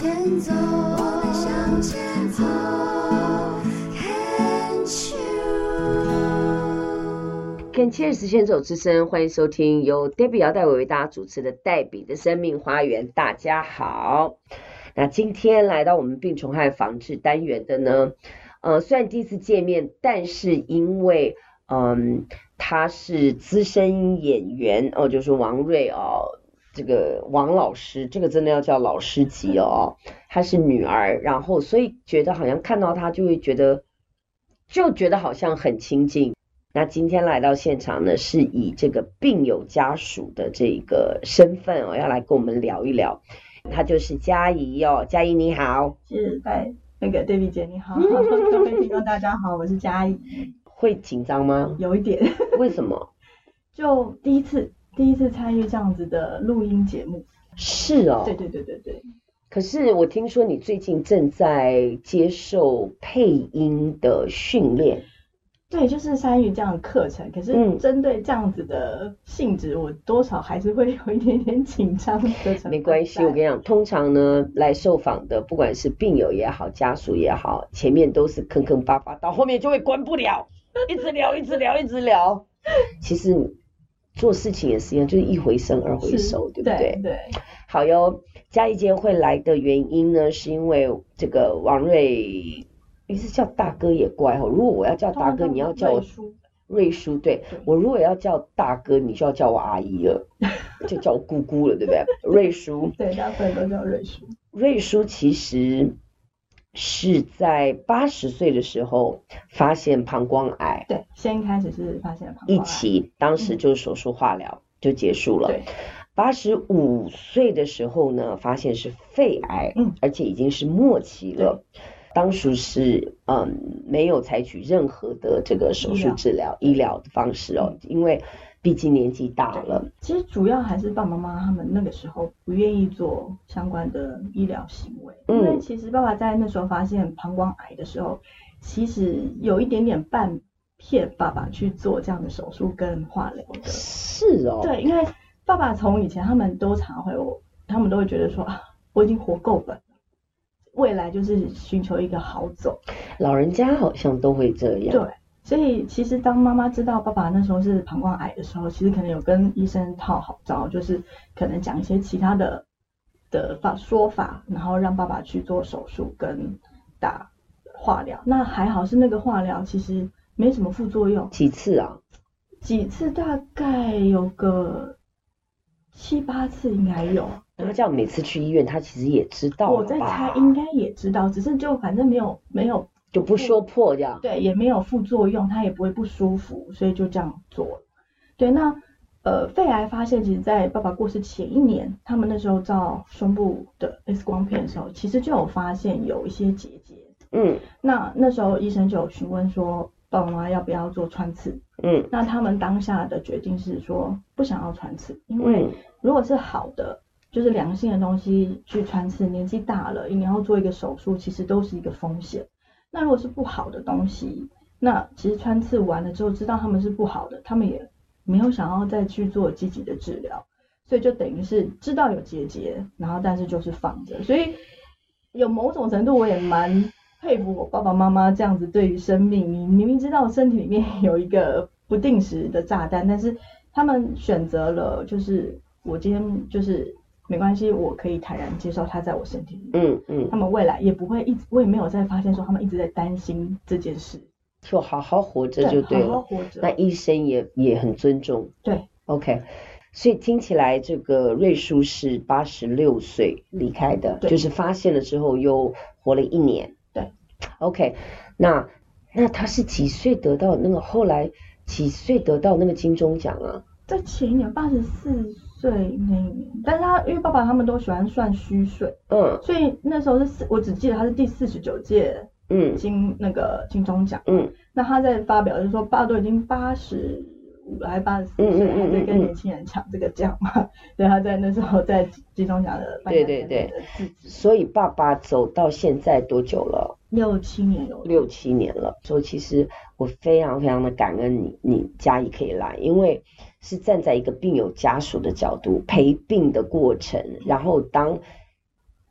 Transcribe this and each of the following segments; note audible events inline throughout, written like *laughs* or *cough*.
前走，向前走。Can't you？先走之聲，歡迎收聽由 Debbie 姚代偉為大家主持的《黛比的生命花園》。大家好，那今天來到我們病蟲害防治單元的呢，呃，雖然第一次見面，但是因為，嗯，他是資深演員哦，就是王瑞哦。這個王老師，這個真的要叫老師級哦。她是女兒，然後所以覺得好像看到她就會覺得，就覺得好像很親近。那今天來到現場呢，是以這個病友家屬的這個身份哦，要來跟我們聊一聊。她就是佳誼哦，佳誼你好，是在那個黛比姐你好， *laughs* 各位聽眾大家好，我是佳誼。會緊張嗎？有一點。 *laughs* 為什麼？就第一次。第一次參與這樣子的錄音節目，是哦，對對對對對。可是我聽說你最近正在接受配音的訓練，對，就是參與這樣的課程。可是針對這樣子的性質，嗯、我多少還是會有一點點緊張。沒關係，我跟你講，通常呢來受訪的，不管是病友也好，家屬也好，前面都是坑坑巴巴，到後面就會關不了，一直聊，一直聊，一直聊。一直聊 *laughs* 其實。做事情也是一樣，就是一回生二回熟，是對不對？對，對好喲。佳誼姐會來的原因呢，是因為這個王瑞，你是叫大哥也怪哦。如果我要叫大哥，你要叫我瑞叔。對，對我如果要叫大哥，你就要叫我阿姨了，就叫我姑姑了， *laughs* 對不對？瑞叔，對，大家都叫瑞叔。瑞叔其實。是在八十歲的時候發現膀胱癌，對，先開始是發現膀胱癌，一起當時就手術化療就結束了。八十五歲的時候呢，發現是肺癌，而且已經是末期了。當時是嗯，沒有採取任何的這個手術治療、醫療，醫療的方式哦，對因為畢竟年紀大了。其實主要還是爸爸媽媽他們那個時候不願意做相關的醫療行為，嗯、因為其實爸爸在那時候發現膀胱癌的時候，其實有一點點半騙爸爸去做這樣的手術跟化療的。是哦，對，因為爸爸從以前他們都常回我他們都會覺得說啊，我已經活夠了。未來就是尋求一個好走。老人家好像都會這樣。對，所以其實當媽媽知道爸爸那時候是膀胱癌的時候，其實可能有跟醫生套好招，就是可能講一些其他的的法說法，然後讓爸爸去做手術跟打化療。那還好是那個化療，其實沒什麼副作用。幾次啊？幾次大概有個七八次應該有。他這樣每次去醫院，他其實也知道吧？我在猜，應該也知道，只是就反正沒有沒有就不說破這樣。對，也沒有副作用，他也不會不舒服，所以就這樣做了。對，那呃，肺癌發現，其實，在爸爸過世前一年，他們那時候照胸部的 X 光片的時候，其實就有發現有一些結節。嗯。那那時候醫生就有詢問說，爸爸媽媽要不要做穿刺？嗯。那他們當下的決定是說不想要穿刺，因為如果是好的。就是良性的東西去穿刺，年紀大了，你要做一個手術，其實都是一個風險。那如果是不好的東西，那其實穿刺完了之後，知道他們是不好的，他們也沒有想要再去做積極的治療，所以就等於是知道有結節，然後但是就是放着。所以有某種程度，我也蠻佩服我爸爸媽媽這樣子，對於生命，你明明知道身體裡面有一個不定時的炸彈，但是他們選擇了，就是我今天就是。沒關係，我可以坦然接受它在我身體裡面嗯。嗯嗯。他們未來也不會一直，我也沒有再發現說他們一直在擔心這件事。就好好活着就對了。對，好好活着。那醫生也也很尊重。對。OK，所以聽起來這個瑞叔是八十六歲離開的，對就是發現了之後又活了一年。對。OK，那那他是幾歲得到那個後來幾歲得到那個金鐘獎啊？在前年84，八十四。對，那一年，但是他因為爸爸他們都喜歡算虛歲，嗯，所以那時候是四，我只記得他是第四十九屆，嗯，金那個金鐘獎，嗯，那他在發表就是說，爸爸都已經八十五還八十四歲，嗯嗯嗯嗯、還在跟年輕人搶這個獎嘛，所以、嗯嗯嗯、 *laughs* 他在那時候在金鐘獎的，對對對，所以爸爸走到現在多久了？六七年了，嗯，六七年了。所以其實我非常非常的感恩你，你佳誼可以來，因為是站在一個病友家屬的角度陪病的過程，然後當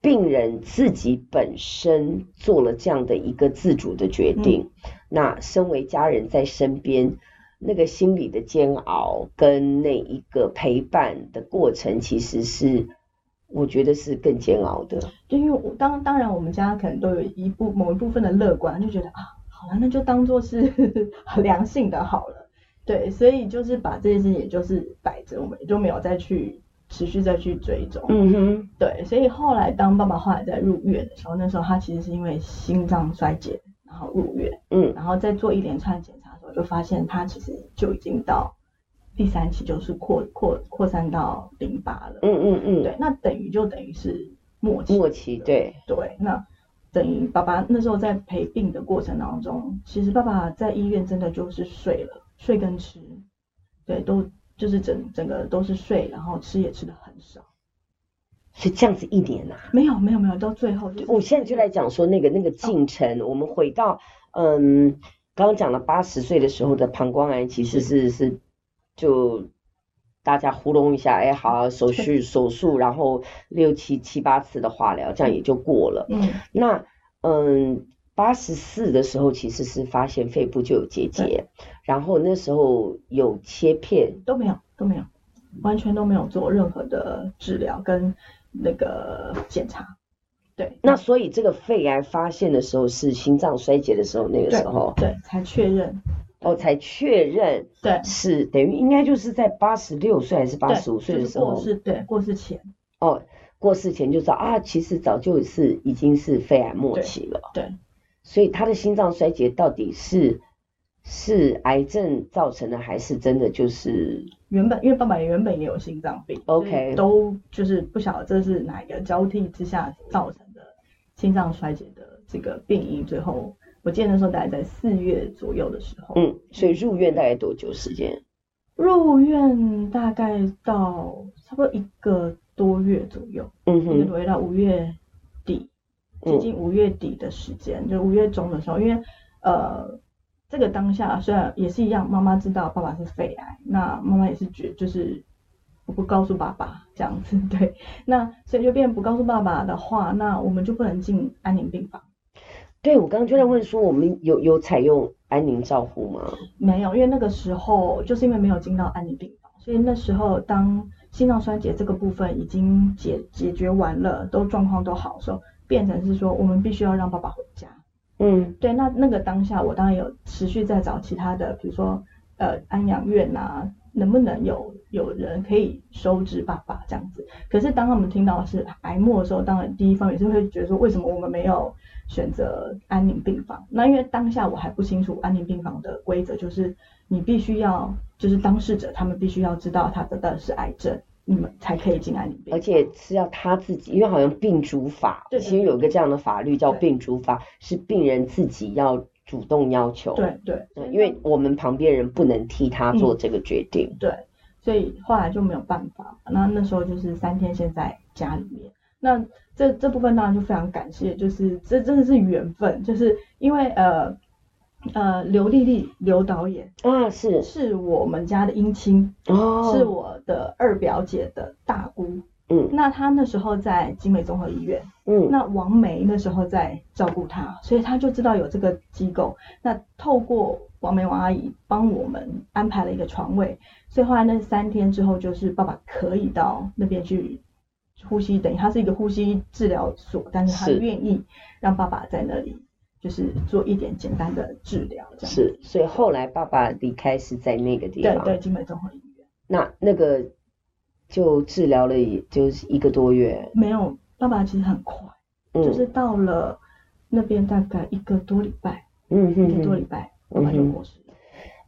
病人自己本身做了這樣的一個自主的決定，嗯、那身為家人在身邊，那個心理的煎熬跟那一個陪伴的過程，其實是。我覺得是更煎熬的，就因為我當當然，我們家可能都有一部某一部分的樂觀，就覺得啊，好了，那就當做是呵呵良性的好了，對，所以就是把這件事情也就是擺着，我們也就沒有再去持續再去追蹤。嗯哼，對，所以後來當爸爸後來在入院的時候，那時候他其實是因為心臟衰竭然後入院，嗯，然後再做一連串檢查的時候，就發現他其實就已經到。第三期就是擴擴擴散到淋巴了，嗯嗯嗯，對，那等於就等於是末期，末期對對，那等於爸爸那時候在陪病的過程當中，其實爸爸在醫院真的就是睡了，睡跟吃，對，都就是整整個都是睡，然後吃也吃得很少，是這樣子一年啊？沒有沒有沒有，到最後、就是，我現在就來講說那個那個進程，哦、我們回到嗯，剛剛講了八十歲的時候的膀胱癌其實是是。就大家糊弄一下，哎，好、啊，手續對手術，然後六七七八次的化療，這樣也就過了。嗯，那嗯，八十四的時候其實是發現肺部就有結節、節，對然後那時候有切片都沒有都沒有，完全都沒有做任何的治療跟那個檢查，對。那所以這個肺癌發現的時候是心臟衰竭的時候，那個時候對，對才確認。哦，才確認是對是等於應該就是在八十六歲還是八十五歲的時候、就是、過世對，過世前哦，過世前就知道啊，其實早就是已經是肺癌末期了對，對所以他的心臟衰竭到底是是癌症造成的還是真的就是原本，因為爸爸原本也有心臟病 OK 就都，就是不曉得這是哪一個交替之下造成的心臟衰竭的這個病因最後。我記得那時候大概在四月左右的時候，嗯，所以入院大概多久時間？入院大概到差不多一個多月左右，嗯哼，一個多月到五月底，接近五月底的時間，嗯、就五月中的時候，因為呃，這個當下雖然也是一樣，媽媽知道爸爸是肺癌，那媽媽也是覺，就是我不告訴爸爸這樣子，對，那所以就變不告訴爸爸的話，那我們就不能進安寧病房。對，我剛剛就在問說，我們有有採用安寧照護嗎？沒有，因為那個時候就是因為沒有進到安寧病房，所以那時候當心臟衰竭這個部分已經解解決完了，都狀況都好的時候，變成是說我們必須要讓爸爸回家。嗯，對，那那個當下我當然有持續在找其他的，比如說呃安養院啊，能不能有有人可以收治爸爸這樣子？可是當他們聽到的是癌末的時候，當然第一方面也是會覺得說，為什麼我們沒有？選擇安寧病房，那因為當下我還不清楚安寧病房的規則，就是你必須要，就是當事者他們必須要知道他得到的是癌症，你們才可以進安寧病房，而且是要他自己，因為好像病主法，對，其實有一個這樣的法律叫病主法，對是病人自己要主動要求，對對對，對因為我們旁邊人不能替他做這個決定，嗯，對，所以後來就沒有辦法，那那時候就是三天先在家裡面。那這這部分當然就非常感謝，就是這真的是緣分，就是因為呃呃劉麗麗劉導演啊是是我們家的姻親，哦是我的二表姐的大姑，嗯那她那時候在奇美綜合醫院，嗯那王梅那時候在照顧她，所以她就知道有這個機構，那透過王梅王阿姨幫我們安排了一個床位，所以後來那三天之後就是爸爸可以到那邊去。呼吸，等於他是一個呼吸治療所，但是他願意讓爸爸在那裡，是就是做一點簡單的治療這樣子。是，所以後來爸爸離開是在那個地方。對，對對，金美綜合醫院。那那個就治療了，也就是一個多月。沒有，爸爸其實很快，嗯、就是到了那邊大概一個多禮拜，嗯、哼哼一個多禮拜，爸、嗯、哼爸就過世了。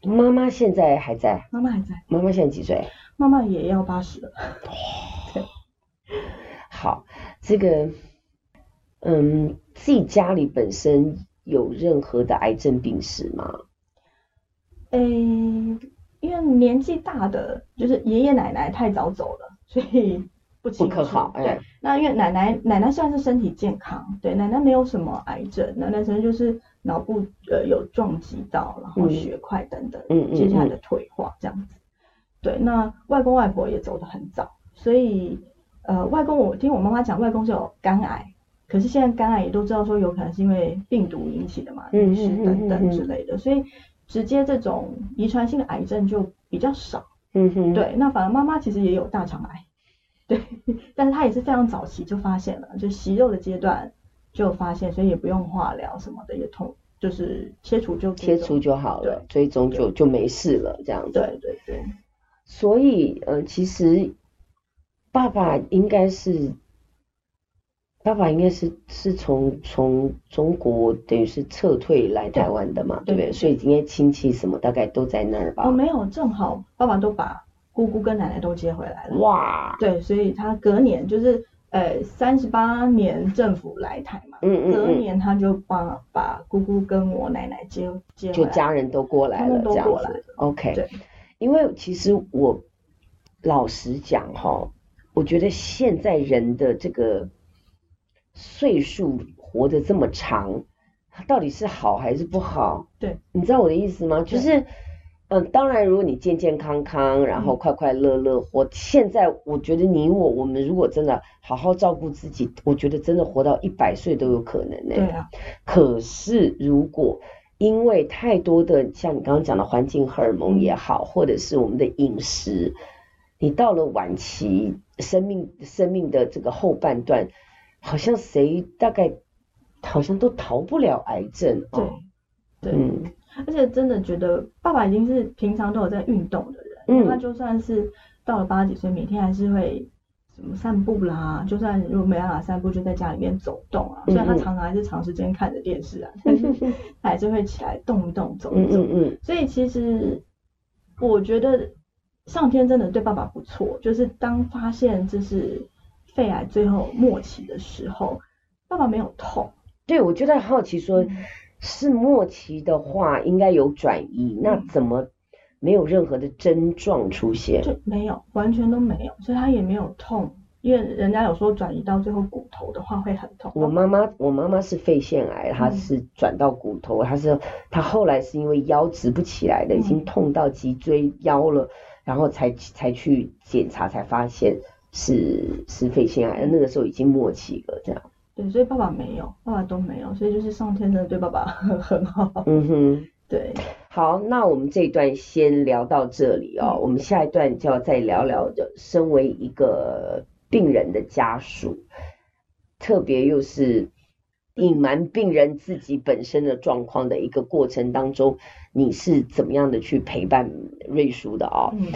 媽媽、嗯、哼對現在還在。媽媽還在。媽媽現在幾歲？媽媽也要八十了。 *laughs* 好，這個，嗯，自己家裡本身有任何的癌症病史嗎？哎、欸，因為年紀大的，就是爺爺奶奶太早走了，所以不清楚。不可考，欸、對，那因為奶奶奶奶，算是身體健康，對，奶奶沒有什麼癌症，奶奶只是就是腦部呃有撞擊到，然後血塊等等，嗯、接下來的退化這樣子。嗯嗯嗯、對，那外公外婆也走得很早，所以。呃，外公我，我聽我媽媽講，外公是有肝癌，可是現在肝癌也都知道說有可能是因為病毒引起的嘛，飲食，嗯嗯嗯、等等之類的，所以直接這種遺傳性的癌症就比較少。嗯哼。對，那反而媽媽其實也有大腸癌，對，但是她也是非常早期就發現了，就息肉的階段就發現，所以也不用化療什麼的，也痛，就是切除就可切除就好了，最終就就沒事了這樣子。對，對對對。所以呃，其實。爸爸應該是，爸爸應該是是從從中國等於是撤退來台灣的嘛，對，對不對？對對對，所以今天親戚什麼大概都在那兒吧？我、哦、沒有，正好爸爸都把姑姑跟奶奶都接回來了。哇！對，所以他隔年就是呃三十八年政府來台嘛，嗯嗯嗯隔年，他就把把姑姑跟我奶奶接接回來，就家人都過來了這樣子。樣子 OK，對因為其實我老實講齁。我覺得現在人的這個歲數活得這麼長，他到底是好還是不好？對，你知道我的意思嗎？就是，對嗯，當然，如果你健健康康，然後快快樂樂活。嗯、現在我覺得你我我們如果真的好好照顧自己，我覺得真的活到一百歲都有可能呢、欸。對啊。可是如果因為太多的像你剛剛講的環境荷爾蒙也好，或者是我們的飲食。你到了晚期，生命生命的這個後半段，好像誰大概，好像都逃不了癌症哦。對，對，嗯、而且真的覺得爸爸已經是平常都有在運動的人，嗯、他就算是到了八十幾歲，每天還是會什麼散步啦，就算如果沒辦法散步，就在家裡面走動啊。雖然、嗯嗯、他常常還是長時間看着電視啊，嗯、但是他還是會起來動一動、走一走。嗯嗯嗯。所以其實我覺得。上天真的對爸爸不錯，就是當發現這是肺癌最後末期的時候，爸爸沒有痛。對，我就在好奇說，說、嗯、是末期的話，應該有轉移，嗯、那怎麼沒有任何的症狀出現？就沒有，完全都沒有，所以他也沒有痛。因為人家有時候轉移到最後骨頭的話會很痛。我媽媽，我媽媽是肺腺癌，她、嗯、是轉到骨頭，她是她後來是因為腰直不起來的，嗯、已經痛到脊椎腰了。然後才才去檢查，才發現是是肺腺癌，那個時候已經末期了，這樣。對，所以爸爸沒有，爸爸都沒有，所以就是上天真的對爸爸很好。嗯哼，對。好，那我們這一段先聊到這裡哦，嗯、我們下一段就要再聊聊的，身為一個病人的家屬，特別又是。隱瞞病人自己本身的狀況的一個過程當中，你是怎麼樣的去陪伴瑞叔的啊、喔？嗯